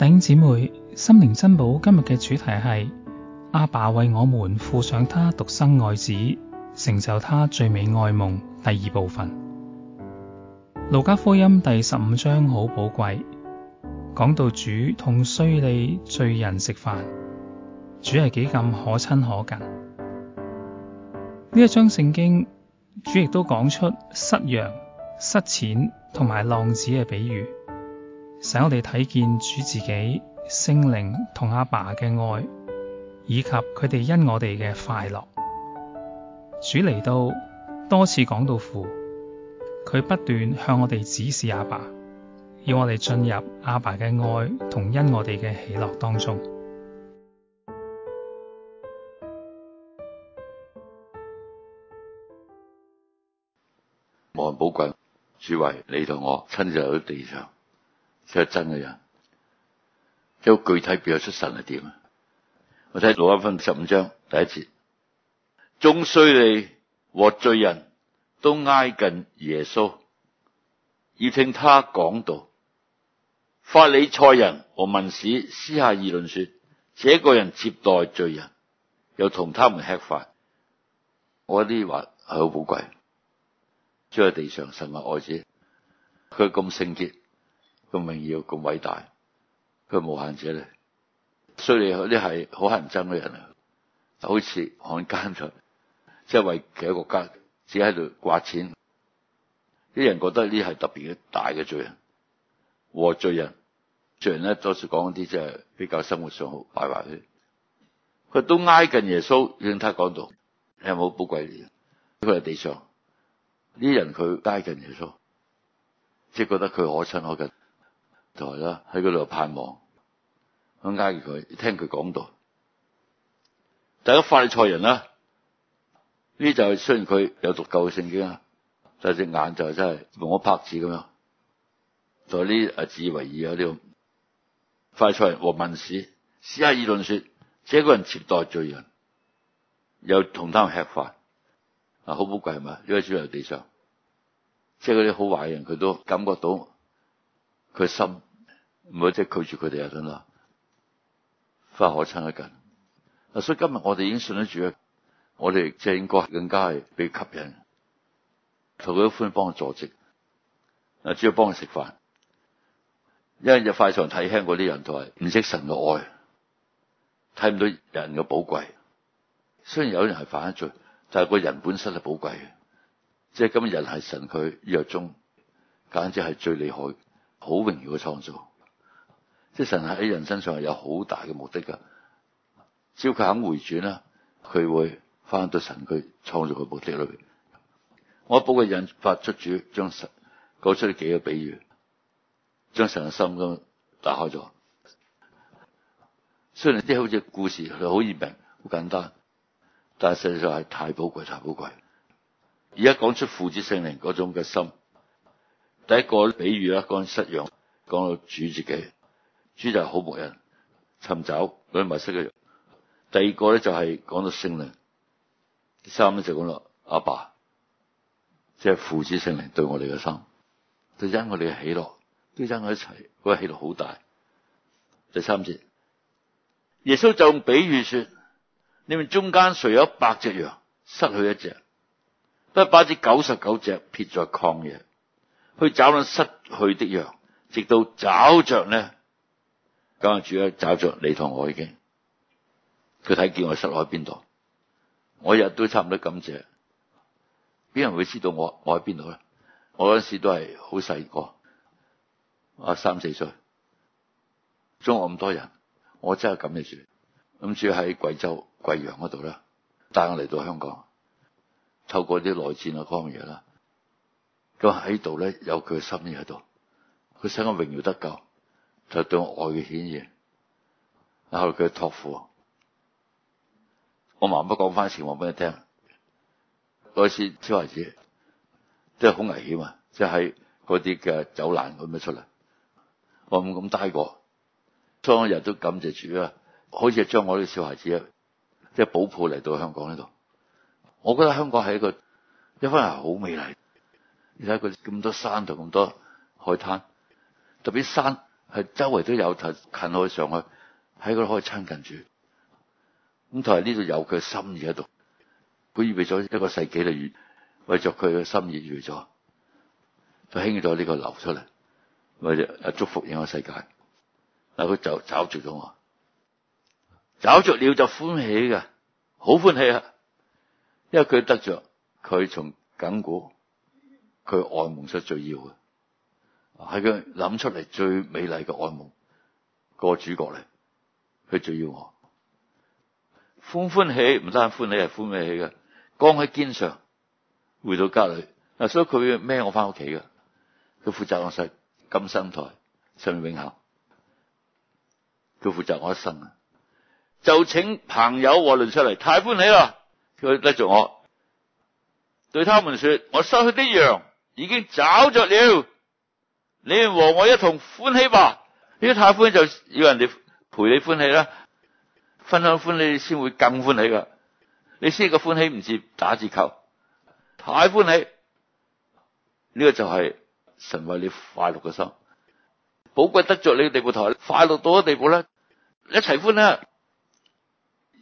弟兄姐妹，心靈珍寶今日嘅主題係阿爸為我們付上他獨生愛子，成就他最美愛夢。第二部分，路加福音第十五章好寶貴，講到主同稅吏、罪人食飯，主係幾咁可親可近。呢一章聖經，主亦都講出失羊、失錢同埋浪子嘅比喻。使我哋睇見主自己聖靈同阿爸嘅愛，以及佢哋因我哋嘅快樂。主嚟到多次講到父，佢不斷向我哋指示阿爸，爸，要我哋進入阿爸嘅愛同因我哋嘅喜樂當中。冇人寶貴，主為你同我親自去地上。佢係真嘅人。即具體表現出神係點啊？我睇路加福音十五章第一節，眾稅吏和罪人都挨近耶穌，要聽他講道。法利賽人和文士私下議論說：這個人接待罪人，又同他們吃飯。我啲話係好寶貴，喺地上神嘅愛子，佢咁聖潔。個榮耀咁偉大，佢無限者咧。雖然有啲係好乞憎嘅人啊，好似漢奸咁，即係為其他國家自己喺度刮錢。啲人覺得呢係特別嘅大嘅罪人。和罪人，罪人咧多數講啲即係比較生活上好敗壞嘅。佢都挨近耶穌，要聽他講道，你有冇寶貴嘅？佢喺地上，啲人佢挨近耶穌，即係覺得佢可親可近。在啦，喺嗰度盼望，咁挨住佢，聽佢講道。大家法利賽人啦，呢就雖然佢有讀夠聖經啊，但係隻眼就是真係望柏字咁樣，在啲自以為義啊呢法利賽人和文士，私下議論說，這個人接待罪人，又同他們吃飯，啊好寶貴係嘛？呢個主在地上，即係嗰啲好壞人，佢都感覺到佢心。唔會即係拒絕佢哋啊！真啦，分可親一緊啊！所以今日我哋已經信得住嘅，我哋即係應該更加係被吸引，同佢寬幫坐席啊！主要幫佢食飯，因為就快上睇輕嗰啲人就係唔識神嘅愛，睇唔到人嘅寶貴。雖然有人係犯咗罪，但係個人本身係寶貴嘅，即係今日人係神佢約中，簡直係最厲害、好榮耀嘅創造。即神喺人身上係有好大嘅目的噶只要佢肯回轉啦，佢會翻到神佢創造嘅目的裏邊。我寶貴引發出主，將神講出幾個比喻，將神嘅心咁打開咗。雖然呢啲好似故事，佢好易明，好簡單，但係事實上係太寶貴，太寶貴。而家講出父子聖靈嗰種嘅心，第一個比喻啦，講失羊，講到主自己。主就係好牧人尋找佢迷失嘅羊。第二個咧就係講到聖靈，三呢就講到阿爸，即、就、係、是、父子聖靈對我哋嘅心，都因我哋嘅喜樂，都因我哋一齊，嗰個喜樂好大。第三節、就是，耶穌就用比喻說：你們中間誰有一百隻羊，失去一隻，不把這九十九隻撇在曠野，去找到失去的羊，直到找着呢？咁啊！主咧找着你同我已經，佢睇見我失落喺邊度，我日日都差唔多感謝，邊人會知道我我喺邊度咧？我嗰時都係好細個，啊三四歲，中國咁多人，我真係感謝主。咁住喺貴州貴陽嗰度啦，帶我嚟到香港，透過啲內戰嘅荒野啦，咁喺度咧有佢嘅心意喺度，佢想我榮耀得救。就對外嘅顯現，然後嚟佢托付。我慢慢講翻前話俾你聽。嗰次小孩子真係好危險啊！即係嗰啲嘅走難咁樣出嚟，我唔咁低過。當日都感謝主啊！好似係將我啲小孩子即係保抱嚟到香港呢度。我覺得香港係一個一翻係好美麗，你睇佢咁多山同咁多海灘，特別山。係周圍都有近近可上去，喺嗰度可以親近住。咁同埋呢度有佢嘅心意喺度，佢預備咗一個世紀嚟完，為着佢嘅心意完咗，就興起咗呢個流出嚟，為着阿祝福整個世界。嗱，佢就找着咗我，找着了就歡喜嘅，好歡喜啊！因為佢得着，佢從頸骨，佢愛夢實最要嘅。係佢諗出嚟最美麗嘅愛夢，那個主角嚟，佢最要我歡歡喜，唔單歡喜，係歡喜喜嘅，扛喺肩上，回到家裏，嗱，所以佢孭我翻屋企嘅，佢負責我晒今生台上面永恆，佢負責我一生啊！就請朋友和鄰出嚟，太歡喜啦！佢嚟住我，對他們說：我失去啲羊已經找着了。你和我一同歡喜吧，要太歡喜就要人哋陪你歡喜啦，分享歡喜先會更歡喜噶，你先個歡喜唔似打折扣，太歡喜呢、這個就係神為你快樂嘅心，寶貴得着你嘅地步，台快樂到嘅地步咧，一齊歡啦！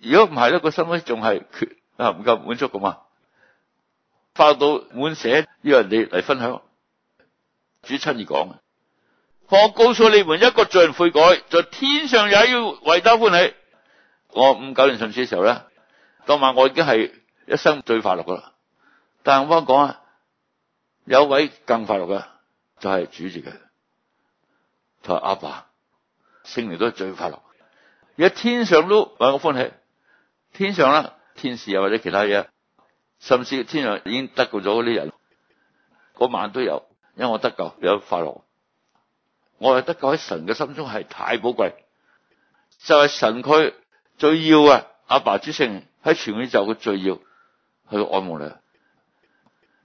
如果唔係呢個心咧仲，係缺啊唔夠滿足噶嘛，快樂到滿瀉要人哋嚟分享。主親自講，我告訴你們，一個罪人悔改，在天上也要為他歡喜。我五九年信主嘅時候咧，當晚我已經係一生最快樂噶啦。但係我講啊，有位更快樂嘅就係、是、主住嘅。佢話阿爸，聖靈都係最快樂，而喺天上都為我歡喜。天上啦，天使又或者其他嘢，甚至天上已經得救咗嗰啲人，嗰晚都有。因為我得救有快樂，我係得救喺神嘅心中係太寶貴，就係、是、神佢最要嘅阿爸，爸之性喺全宇宙嘅最要去愛慕你，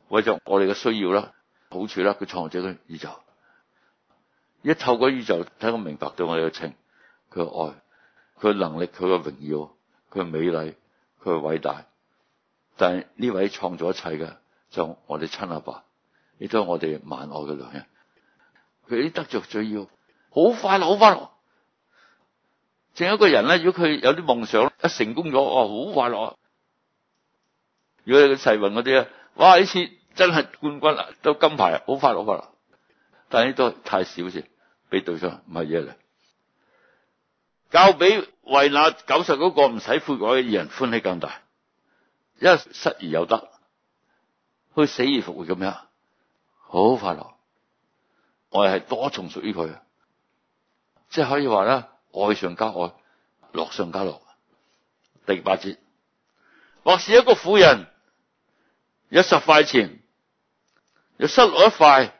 為咗我哋嘅需要啦、好處啦，佢創造咗個宇宙，一透過宇宙睇到明白對我哋嘅情、佢嘅愛、佢嘅能力、佢嘅榮耀、佢嘅美麗、佢嘅偉大。但係呢位創造一切嘅就是、我哋親阿爸。亦都係我哋萬愛嘅良人，佢啲得着最要好快樂，好快樂。淨有一個人咧，如果佢有啲夢想，一成功咗，哇，好快樂啊！如果你個世運嗰啲咧，哇，呢次真係冠軍啦，都金牌，好快樂啊！但係呢都太少先，俾對上唔係嘢嚟。較比為那九十嗰個唔使悔改嘅義人，歡喜更大，因為失而有得，佢死而復活咁樣。好，好快樂，我哋係多重屬於佢，即係可以話咧，愛上加愛，樂上加樂。第八節，或是一個婦人，有十塊錢，又失落一塊，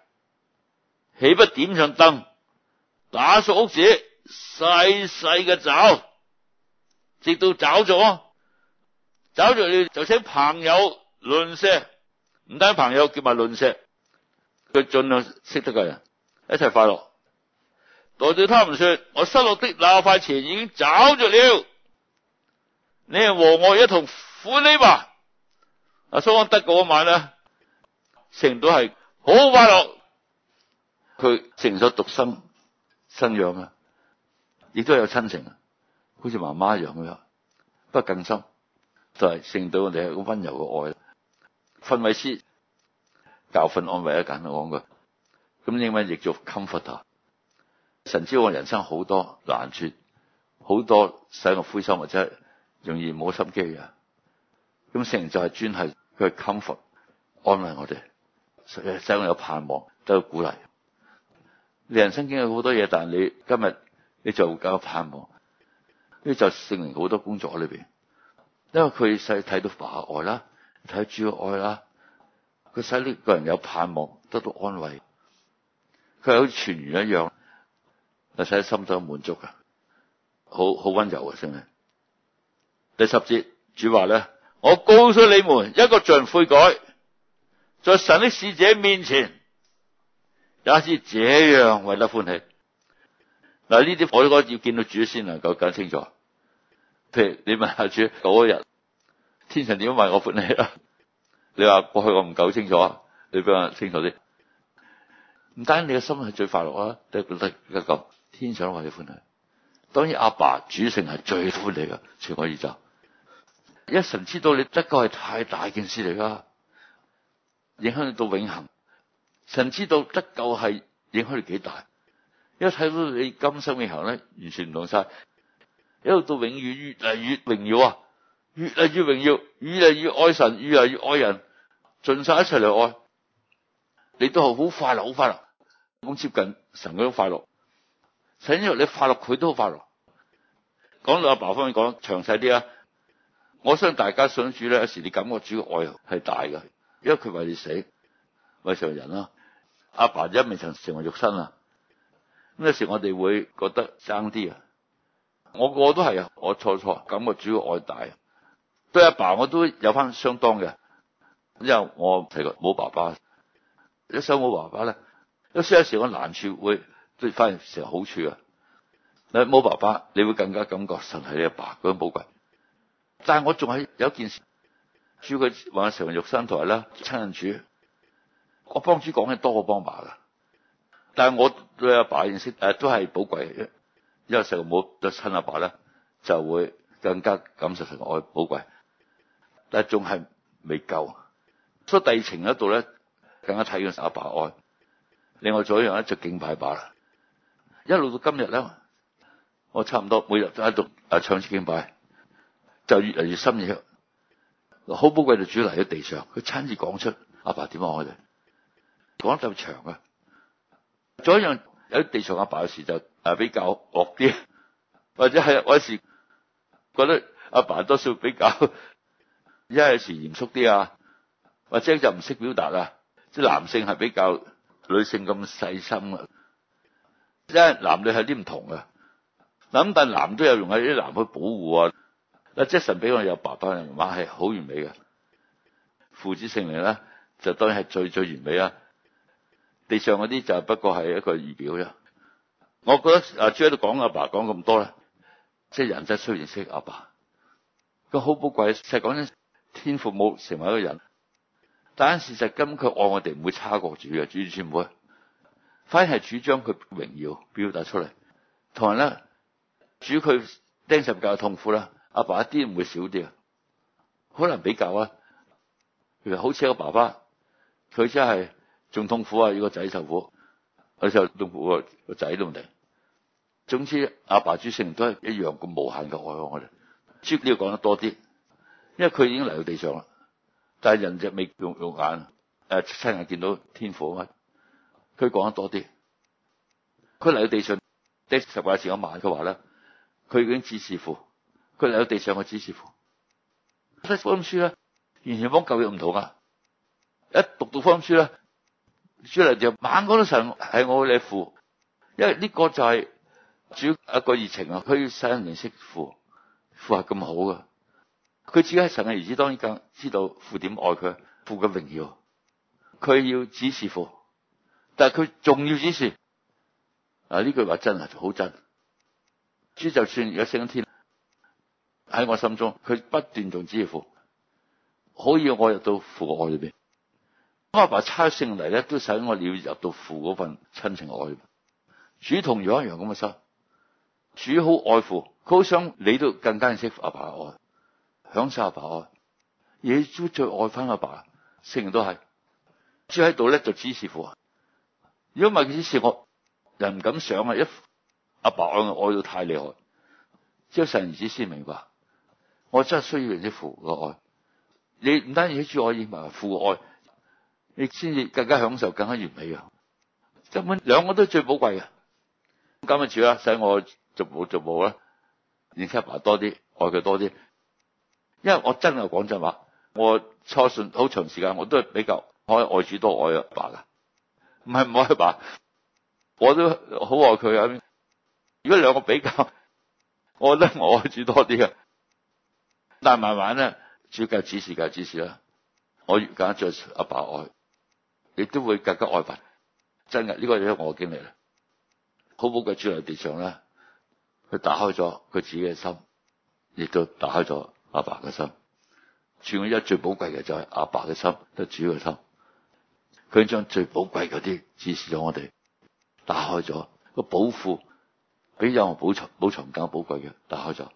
豈不點上燈，打掃屋子，細細嘅找，直到找咗，找咗你，就請朋友鄰舍，唔單朋友叫埋鄰舍。佢盡量識得個人，一齊快樂。對住他們說：我失落的那塊錢已經找着了你，你係和我一同歡喜吧。阿蘇安德嗰晚咧，聖島係好快樂。佢成所獨生生養啊，亦都，都有親情，好似媽媽一樣咁樣，不更深，就係聖島我哋係好溫柔嘅愛氛圍師。教訓安慰啊，簡單講句，咁英文亦做 comfort。神知我人生好多難處，好多使我灰心或者容易冇心機嘅，咁聖靈就係專係去 comfort、安慰我哋，使我有盼望，得到鼓勵。你人生經歷好多嘢，但係你今日你就夠盼望，呢就聖靈好多工作喺裏邊，因為佢細睇到父愛啦，睇主嘅愛啦。佢使呢個人有盼望，得到安慰，佢係好似團圓一樣，但使喺心中滿足噶，好好溫柔啊！真係。第十節，主話咧：，我告訴你們，一個罪人悔改，在神的使者面前也是這樣為得歡喜。嗱，呢啲我應該要見到主先能夠搞清楚。譬如你問下主嗰日，天神點樣為我歡喜啊？你話過去我唔夠清楚啊，你俾我清楚啲。唔單你嘅心係最快樂啊，你覺得得得咁，天上為你歡喜。當然阿爸，爸主聖係最歡喜嘅，全個宇宙。一神知道你得救係太大件事嚟㗎，影響你到永恒。神知道得救係影響你幾大，一睇到你今生永恆咧，完全唔同晒，一路到永遠越嚟越榮耀啊！越嚟越榮耀，越嚟越愛神，越嚟越愛人，盡晒一齊嚟愛，你都好快樂，好快樂，咁接近神嗰快樂。甚至你快樂，佢都快樂。講到阿爸，爸方面，講得詳細啲啊！我相信大家想主咧，有時你感覺主嘅愛係大嘅，因為佢為你死，為常人啦。阿爸，爸一未曾成為肉身啊，咁有時我哋會覺得生啲啊，我個都係啊，我錯錯感覺主嘅愛大。對阿爸，爸我都有翻相當嘅，因為我細個冇爸爸，一想我爸爸咧，一衰有時我難處會，都反而成好處啊！嗱冇爸爸，你會更加感覺神係你阿爸咁寶貴。但係我仲係有件事，主要佢話常肉身台啦，親人處，我幫主講嘅多過幫爸噶，但係我對阿爸，爸認識誒、呃、都係寶貴，因為細個冇得親阿爸咧，就會更加感受神嘅愛寶貴。但仲係未夠，所以第二程嗰度咧更加體現阿爸愛。另外仲一樣咧，就敬拜爸啦，一路到今日咧，我差唔多每日都喺度啊唱支敬拜，就越嚟越深入。好寶貴就主嚟喺地上，佢親自講出阿爸點樣、啊、我哋，講得特別長啊。仲一樣，有啲地上阿爸有時就誒比較惡啲，或者係有時覺得阿爸，爸多少比較。一有時嚴肅啲啊，或者就唔識表達啊，即男性係比較女性咁細心啊，一男女係啲唔同啊。嗱但男都有用啊，啲男去保護啊。阿 Jason 俾我有爸爸、媽媽係好完美嘅，父子性嚟咧就當然係最最完美啊。地上嗰啲就不過係一個儀表啫。我覺得阿 J 喺度講阿爸講咁多咧，即、就是、人仔雖然識阿爸，爸，佢好寶貴，實際講天父冇成為一個人，但係事實根本佢愛我哋唔會差過主嘅。主主唔會，反而係主張佢榮耀表達出嚟，同埋咧主佢釘十字架嘅痛苦啦，阿爸，爸一啲唔會少啲啊，好難比較啊，譬如好似一個爸爸佢真係仲痛苦啊，要個仔受苦，有時候痛苦個個仔都唔定，總之阿爸，爸主聖都係一樣咁無限嘅愛我哋，主要講得多啲。因為佢已經嚟到地上啦，但係人只未用用眼，誒、呃，親眼見到天父乜？佢講得多啲。佢嚟到地上第十八節我晚，佢話咧，佢已經指示父。佢嚟到地上佢指示父。讀福音書咧，完全幫舊嘢唔同啊！一讀到福音書咧，書嚟就猛嗰啲神係我嘅父，因為呢個就係主要。一個疫情啊，佢生人惜父，父係咁好噶。佢自己係神嘅兒子，當然更知道父點愛佢，父嘅榮耀。佢要指示父，但係佢仲要指示啊！呢句話真係好真。主就算而家升天喺我心中，佢不斷仲指示父，可以我入到父嘅愛裏邊。阿爸差聖嚟，咧，都使我要入到父嗰份親情愛裏面。主同我一樣咁嘅心，主好愛父，佢好想你都更加認識阿爸嘅愛。享受阿爸，爸愛，野豬最愛翻阿爸，爸，成日都係。住喺度咧就支持父啊！如果唔係支持我，人唔敢想啊！一阿爸愛我愛到太厲害，只有神兒子先明白。我真係需要人啲父嘅愛。你唔單止要愛，要埋父愛，你先至更加享受更加完美啊！根本兩個都最寶貴啊。今日住啦，使我逐步逐步咧，你阿爸多啲愛佢多啲。因為我真係講真話，我初信好長時間，我都係比較我愛主多愛阿爸㗎，唔係唔愛阿爸，我都好愛佢啊！如果兩個比較，我覺得我愛主多啲嘅，但係慢慢咧，主教指示嘅指示啦，我越更加阿爸,爸愛，亦都會更加愛爸。真嘅，呢個係我經歷啦。好冇嘅主嘅地上咧，佢打開咗佢自己嘅心，亦都打開咗。阿爸嘅心，心，主嘅一最寶貴嘅就係阿爸嘅心，就係主嘅心，佢將最寶貴嗰啲指示咗我哋，打開咗個寶庫，比任何寶藏寶藏更寶貴嘅打開咗。